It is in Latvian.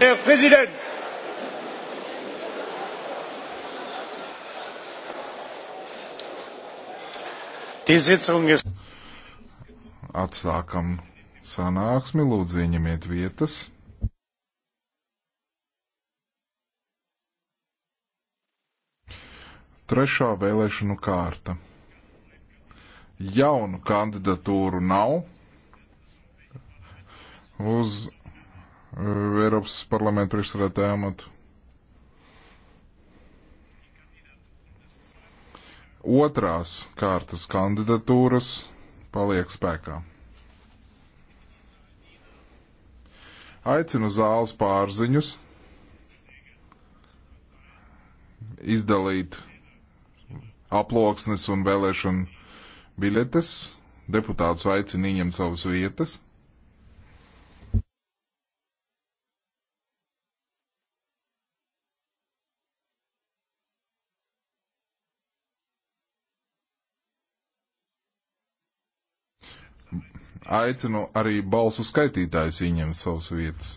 Herr Präsident! Die Sitzung ist. Atsākam sanāksmi, lūdzu, ieņemiet vietas. Trešā vēlēšanu kārta. Jaunu kandidatūru nav. Uz Eh, Eiropas parlamenta priekšsēdētāja amatu. Otrās kārtas kandidatūras paliek spēkā. Aicinu zāles pārziņus izdalīt aploksnes un vēlēšanu biļetes. Deputātus aicinu ieņemt savas vietas. aicinu arī balsu skaitītājus ieņemt savas vietas.